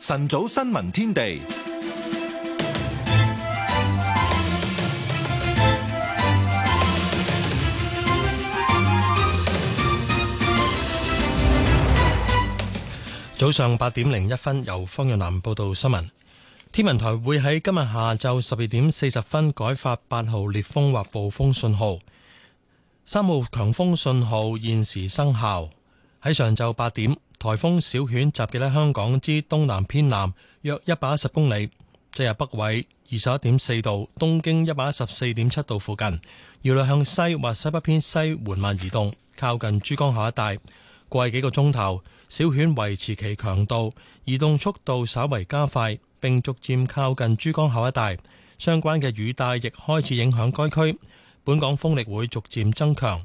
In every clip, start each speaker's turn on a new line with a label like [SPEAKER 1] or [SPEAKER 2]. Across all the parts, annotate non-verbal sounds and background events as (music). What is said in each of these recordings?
[SPEAKER 1] 晨早新聞天地。早上八點零一分，由方潤南報道新聞。天文台會喺今日下晝十二點四十分改發八號烈風或暴風信號，三號強風信號現時生效，喺上晝八點。颱風小犬集結喺香港之東南偏南約一百一十公里，即日北緯二十一點四度，東經一百一十四點七度附近，預料向西或西北偏西緩慢移動，靠近珠江口一帶。過去幾個鐘頭，小犬維持其強度，移動速度稍為加快，並逐漸靠近珠江口一帶。相關嘅雨帶亦開始影響該區，本港風力會逐漸增強。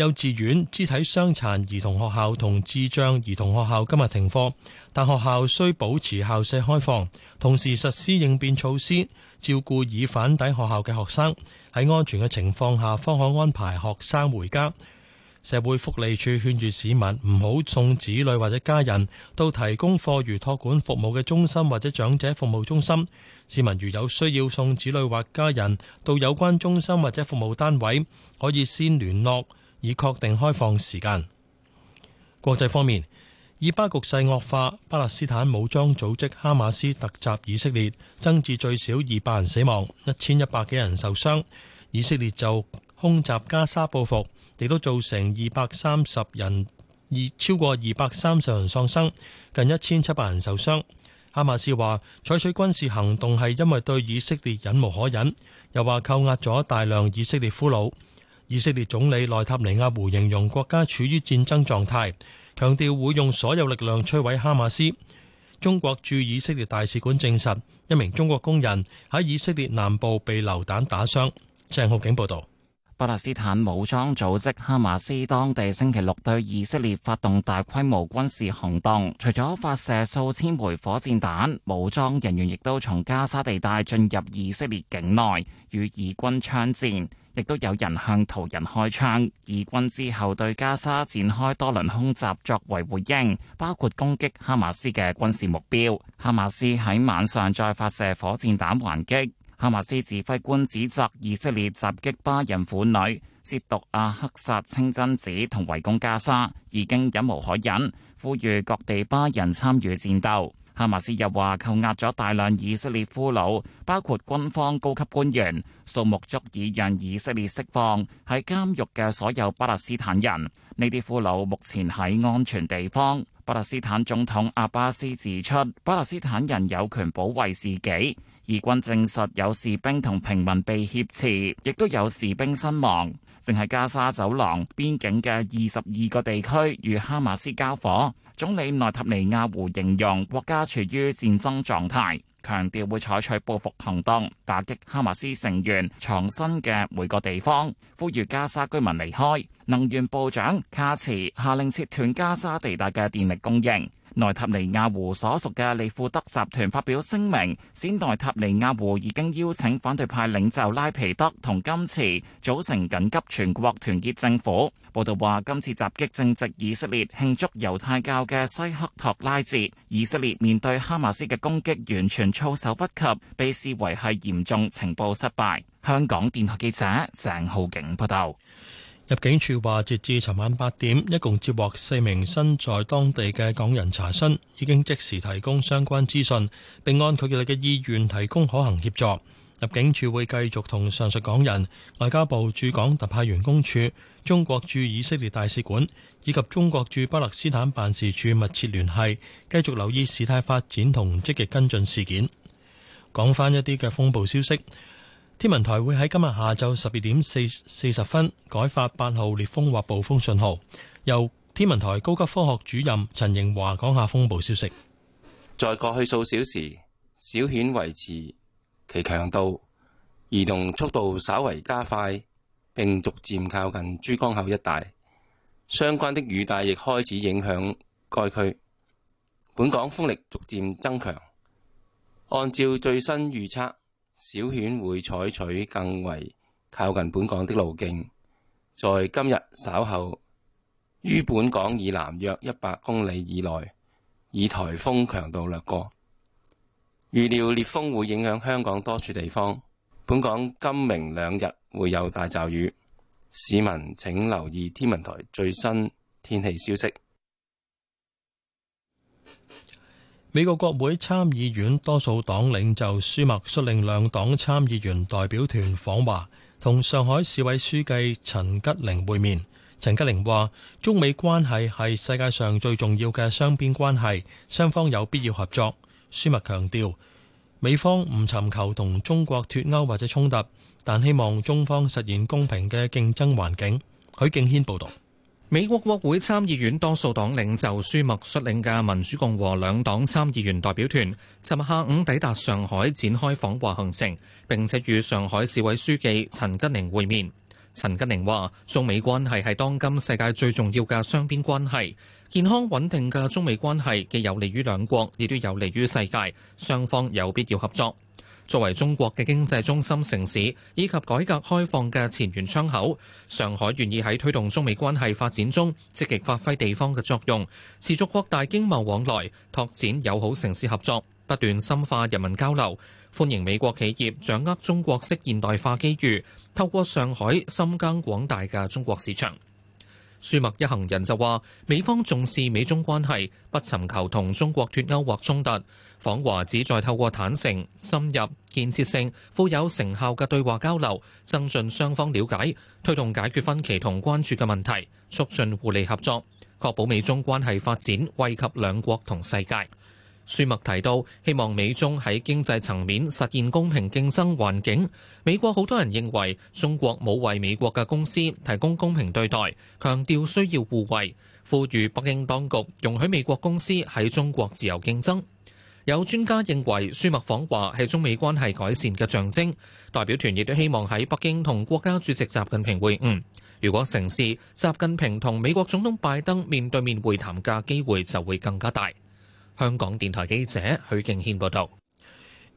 [SPEAKER 1] 幼稚園、肢體傷殘兒童學校同智障兒童學校今日停課，但學校需保持校舍開放，同時實施應變措施，照顧已返抵學校嘅學生。喺安全嘅情況下，方可安排學生回家。社會福利署勸喻市民唔好送子女或者家人到提供課餘託管服務嘅中心或者長者服務中心。市民如有需要送子女或家人到有關中心或者服務單位，可以先聯絡。以確定開放時間。國際方面，以巴局勢惡化，巴勒斯坦武裝組織哈馬斯突襲以色列，增至最少二百人死亡，一千一百幾人受傷。以色列就空襲加沙報復，亦都造成二百三十人，二超過二百三十人喪生，近一千七百人受傷。哈馬斯話採取軍事行動係因為對以色列忍無可忍，又話扣押咗大量以色列俘虜。以色列總理內塔尼亞胡形容國家處於戰爭狀態，強調會用所有力量摧毀哈馬斯。中國駐以色列大使館證實，一名中國工人喺以色列
[SPEAKER 2] 南部被榴彈打傷。鄭浩景報道。巴勒斯坦武裝組織哈馬斯當地星期六對以色列發動大規模軍事行動，除咗發射數千枚火箭彈，武裝人員亦都從加沙地帶進入以色列境內與以軍槍戰，亦都有人向途人開槍。以軍之後對加沙展開多輪空襲作為回應，包括攻擊哈馬斯嘅軍事目標。哈馬斯喺晚上再發射火箭彈還擊。哈馬斯指揮官指責以色列襲擊巴人婦女、褻瀆阿克薩清真寺同圍攻加沙，已經忍無可忍，呼籲各地巴人參與戰鬥。哈馬斯又話扣押咗大量以色列俘虜，包括軍方高級官員，數目足以讓以色列釋放喺監獄嘅所有巴勒斯坦人。呢啲俘虜目前喺安全地方。巴勒斯坦總統阿巴斯指出，巴勒斯坦人有權保衛自己。以軍證實有士兵同平民被挾持，亦都有士兵身亡。淨係加沙走廊邊境嘅二十二個地區與哈馬斯交火。總理內塔尼亞胡形容國家處於戰爭狀態，強調會採取報復行動，打擊哈馬斯成員藏身嘅每個地方，呼籲加沙居民離開。能源部長卡茨下令切斷加沙地帶嘅電力供應。內塔尼亞胡所屬嘅利庫德集團發表聲明，先內塔尼亞胡已經邀請反對派領袖拉皮德同甘茨組成緊急全國團結政府。報道話，今次襲擊正值以色列慶祝猶太教嘅西克托拉節，以色列面對哈馬斯嘅攻擊完全措手不及，被視為係嚴重情報失敗。香港電台記者鄭浩景報道。入境處話，
[SPEAKER 1] 截至尋晚八點，一共接獲四名身在當地嘅港人查詢，已經即時提供相關資訊，並按佢哋嘅意願提供可行協助。入境處會繼續同上述港人、外交部駐港特派員公署、中國駐以色列大使館以及中國駐巴勒斯坦辦事處密切聯繫，繼續留意事態發展同積極跟進事件。講返一啲嘅風暴消息。天文台會喺今日下晝十二點四四十分改發八號烈風或暴風信號。由天文台高級科學主任陳穎華講下風暴消息。
[SPEAKER 2] 在過去數小時，小犬維持其強度，移動速度稍為加快，並逐漸靠近珠江口一帶。相關的雨帶亦開始影響該區。本港風力逐漸增強，按照最新預測，小犬會採取更為靠近本港的路徑，在今日稍後於本港以南約一百公里以內以颱風強度掠過。預料烈風會影響香港多處地方，本港今明兩日會有大驟雨，市民請留意天文台最新天氣消息。
[SPEAKER 1] 美國國會參議院多數黨領袖舒默率領兩黨參議員代表團訪華，同上海市委書記陳吉寧會面。陳吉寧話：中美關係係世界上最重要嘅雙邊關係，雙方有必要合作。舒默強調，美方唔尋求同中國脫鈎或者衝突，但希望中方實現公平嘅競爭環境。許敬軒報導。美國國會參議院多數黨領袖舒默率領嘅民主共和兩
[SPEAKER 3] 黨參議員代表團，尋日下午抵達上海，展開訪華行程，並且與上海市委書記陳吉寧會面。陳吉寧話：中美關係係當今世界最重要嘅雙邊關係，健康穩定嘅中美關係既有利於兩國，亦都有利於世界，雙方有必要合作。作為中國嘅經濟中心城市以及改革開放嘅前沿窗口，上海願意喺推動中美關係發展中積極發揮地方嘅作用，持續擴大經貿往來，拓展友好城市合作，不斷深化人民交流，歡迎美國企業掌握中國式現代化機遇，透過上海深耕廣大嘅中國市場。舒默一行人就話，美方重視美中關係不尋求，同中國脫鈎或衝突，訪華旨在透過坦誠、深入、建設性、富有成效嘅對話交流，增進雙方了解，推動解決分歧同關注嘅問題，促進互利合作，確保美中關係發展，惠及兩國同世界。Nicum 舒默提到，希望美中喺經濟層面實現公平競爭環境。美國好多人認為中國冇為美國嘅公司提供公平對待，強調需要互惠，呼籲北京當局容許美國公司喺中國自由競爭。有專家認為，舒默訪華係中美關係改善嘅象徵。代表團亦都希望喺北京同國家主席習近平會晤。如果成事，習近平同美國總統拜登面對面會談嘅機會就會更加大。香
[SPEAKER 1] 港電台記者許敬軒報道，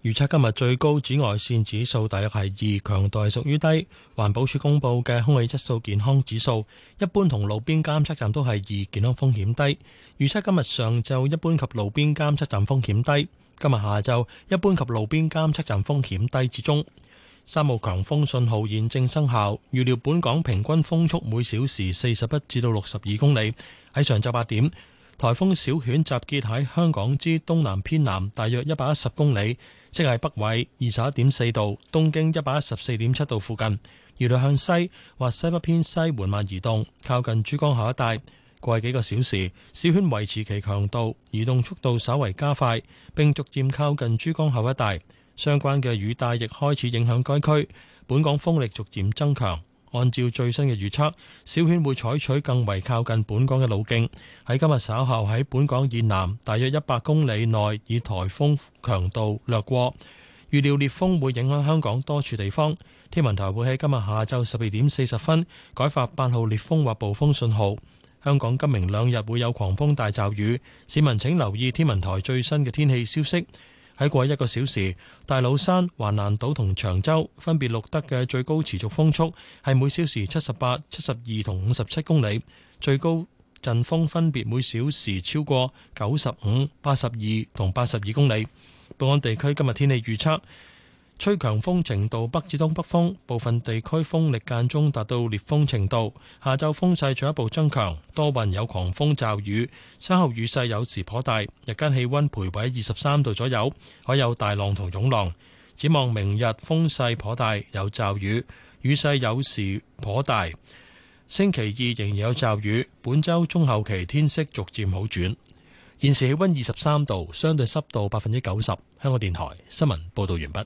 [SPEAKER 1] 預測今日最高紫外線指數大約係二，強度係屬於低。環保署公布嘅空氣質素健康指數，一般同路邊監測站都係二，健康風險低。預測今日上晝一般及路邊監測站風險低，今日下晝一般及路邊監測站風險低至中。三號強風信號現正生效，預料本港平均風速每小時四十一至到六十二公里。喺上晝八點。台風小犬集結喺香港之東南偏南，大約一百一十公里，即係北緯二十一點四度，東經一百一十四點七度附近，預料向西或西北偏西緩慢移動，靠近珠江口一帶。過去幾個小時，小犬維持其強度，移動速度稍為加快，並逐漸靠近珠江口一帶。相關嘅雨帶亦開始影響該區，本港風力逐漸增強。按照最新嘅預測，小犬會採取更為靠近本港嘅路徑，喺今日稍後喺本港以南大約一百公里內以颱風強度掠過，預料烈風會影響香港多處地方，天文台會喺今日下晝十二點四十分改發八號烈風或暴風信號，香港今明兩日會有狂風大驟雨，市民請留意天文台最新嘅天氣消息。喺過去一個小時，大老山、橫瀾島同長洲分別錄得嘅最高持續風速係每小時七十八、七十二同五十七公里，最高陣風分別每小時超過九十五、八十二同八十二公里。本港地區今日天氣預測。吹強風程度北至東北風，部分地區風力間中達到烈風程度。下晝風勢進一步增強，多雲有狂風驟雨，稍後雨勢有時頗大。日間氣溫徘徊二十三度左右，可有大浪同湧浪。展望明日風勢頗大，有驟雨，雨勢有時頗大。星期二仍然有驟雨，本周中後期天色逐漸好轉。現時氣溫二十三度，相對濕度百分之九十。香港電台新聞報道完畢。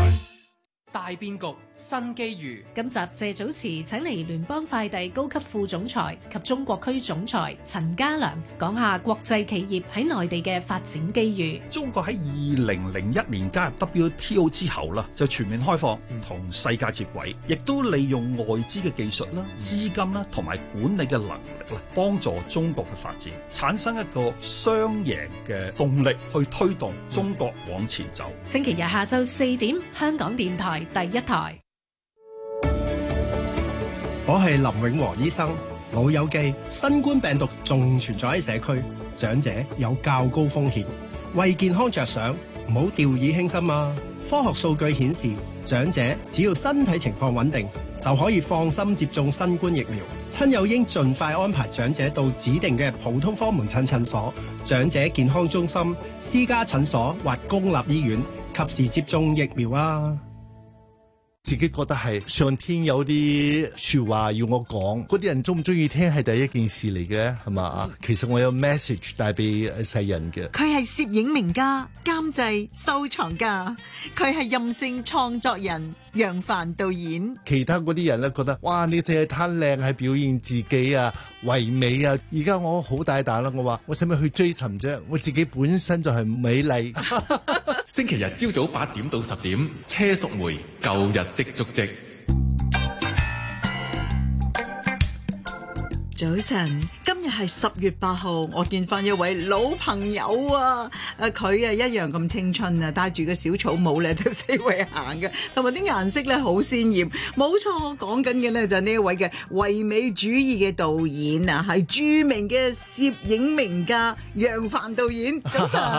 [SPEAKER 3] 大變局，新機遇。今集謝祖慈請嚟聯邦快遞高級副總裁及中國區總裁陳家良，講下國際企業喺內地嘅發展機遇。中國喺二
[SPEAKER 1] 零零一年加入 WTO 之後啦，就全面開放、嗯、同世界接軌，亦都利用外資嘅技術啦、資金啦同埋管理嘅能力啦，幫助中國嘅發展，產生一個雙贏嘅動力去推動中國往前走。嗯、
[SPEAKER 3] 星期日下晝四點，香港電台。第一台，
[SPEAKER 1] 我係林永和醫生。老友記，新冠病毒仲存在喺社區，長者有較高風險。為健康着想，唔好掉以輕心啊！科學數據顯示，長者只要身體情況穩定，就可以放心接種新冠疫苗。親友應盡快安排長者到指定嘅普通科門
[SPEAKER 4] 診診所、長者健康中心、私家診所或公立醫院，及時接種疫苗啊！自己覺得係上天有啲說話要我講，嗰啲人中唔中意聽係第一件事嚟嘅，係嘛？其實我有 message 帶俾世人嘅。佢
[SPEAKER 5] 係攝影名家、監製、收藏家，佢係任性創作人楊凡導演。
[SPEAKER 4] 其他嗰啲人咧覺得，哇！你淨係貪靚係表現自己啊，唯美啊！而家我好大膽啦，我話我使唔使去追尋啫？我自己本身就係美麗。 (laughs) (laughs)
[SPEAKER 2] 星期日朝早
[SPEAKER 3] 八點到十點，車淑梅《舊日的足跡》。
[SPEAKER 5] 早晨，今日係十月八號，我見翻一位老朋友啊！誒、啊，佢啊一樣咁青春啊，戴住個小草帽咧，就四圍行嘅，同埋啲顏色咧好鮮艷。冇錯，講緊嘅咧就係呢一位嘅唯美主義嘅導演啊，係著名嘅攝影名家楊凡導演。早晨，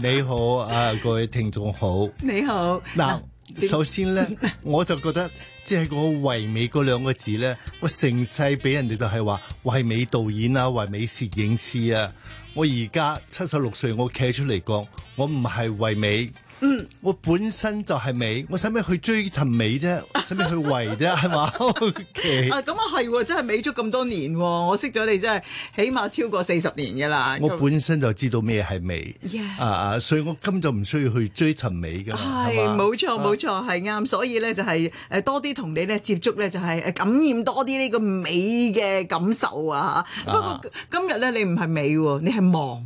[SPEAKER 4] (laughs) 你好啊，各位聽眾好，
[SPEAKER 5] 你好。嗱，首
[SPEAKER 4] 先咧， (laughs) 我就覺得。即係、個唯美嗰兩個字咧，我成世俾人哋就係話唯美導演啊，唯美攝影師啊，我而家七十六歲，我企出嚟講，我唔係唯美。嗯，我本身就係美，我使咩去追尋美啫？使咩去圍啫？係嘛 (laughs) ？Okay、
[SPEAKER 5] (laughs) 啊咁啊係，真係美咗咁多年，我識咗你真係起碼超過四十年噶啦。
[SPEAKER 4] 我本身就知道咩係美啊 Yes. 啊，所以我今就唔需要去追尋美噶係冇錯冇錯，
[SPEAKER 5] 係啱。所以咧就係誒多啲同你咧接觸咧就係誒感染多啲呢個美嘅感受啊。不過今日咧你唔係美，你係忙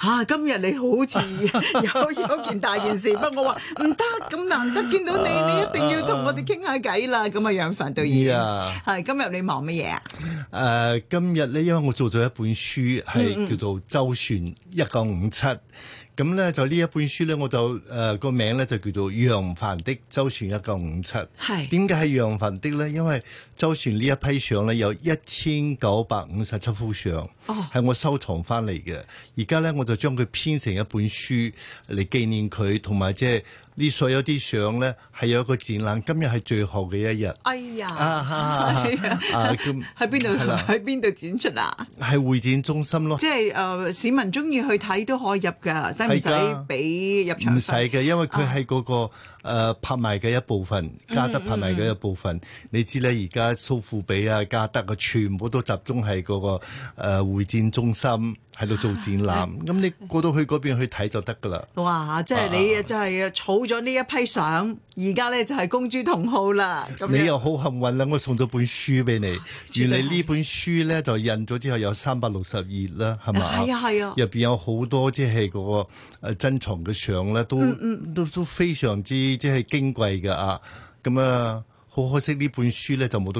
[SPEAKER 5] 吓、啊啊。今日你好似有有件大件事，不過我話唔得，咁難得見到你，你一定要同我哋傾下偈啦。咁啊，楊凡導演，係 Yeah. 今日你忙乜嘢啊？誒
[SPEAKER 4] ，uh, 今日咧，因為我做咗一本書，係叫做《周旋一九五七》。咁咧，就呢一本書咧，我就誒個、呃、名咧就叫做《楊凡的周旋一九五七》。係點解係楊凡的咧？因為周旋呢一批相咧有一千九百五十七幅相，係我收藏翻嚟嘅。而家咧我就將佢編成一本書嚟紀念佢，同埋即係呢所有啲相咧係有一個展覽。今日係最後嘅一日。
[SPEAKER 5] 哎呀！
[SPEAKER 4] 喺邊度？喺
[SPEAKER 5] 邊度展出啊？
[SPEAKER 4] 喺會展中心咯。即
[SPEAKER 5] 係誒市民中意去睇都可以入噶，使唔使俾入場費？唔使嘅，因為佢
[SPEAKER 4] 係嗰個。誒、呃、拍賣嘅一部分，嘉德拍賣嘅一部分，mm hmm. 你知咧，而家蘇富比啊、嘉德全部都集中喺嗰、嗰個會展、呃、中心，喺度、啊、做展覽，咁唉你過到去嗰邊去睇就得噶啦。
[SPEAKER 5] 哇！啊、即係你，即係儲咗呢一批相，而家咧就係公諸同好啦。咁你又
[SPEAKER 4] 好幸運啦，我送咗本書俾你。啊、原來呢本書咧就印咗之後有三百六十頁啦，係嘛？係啊係啊。入邊有好多即係嗰個珍藏嘅相咧，都都、嗯嗯、都非常之即係矜貴嘅啊！咁啊，好可惜呢本書咧就冇得。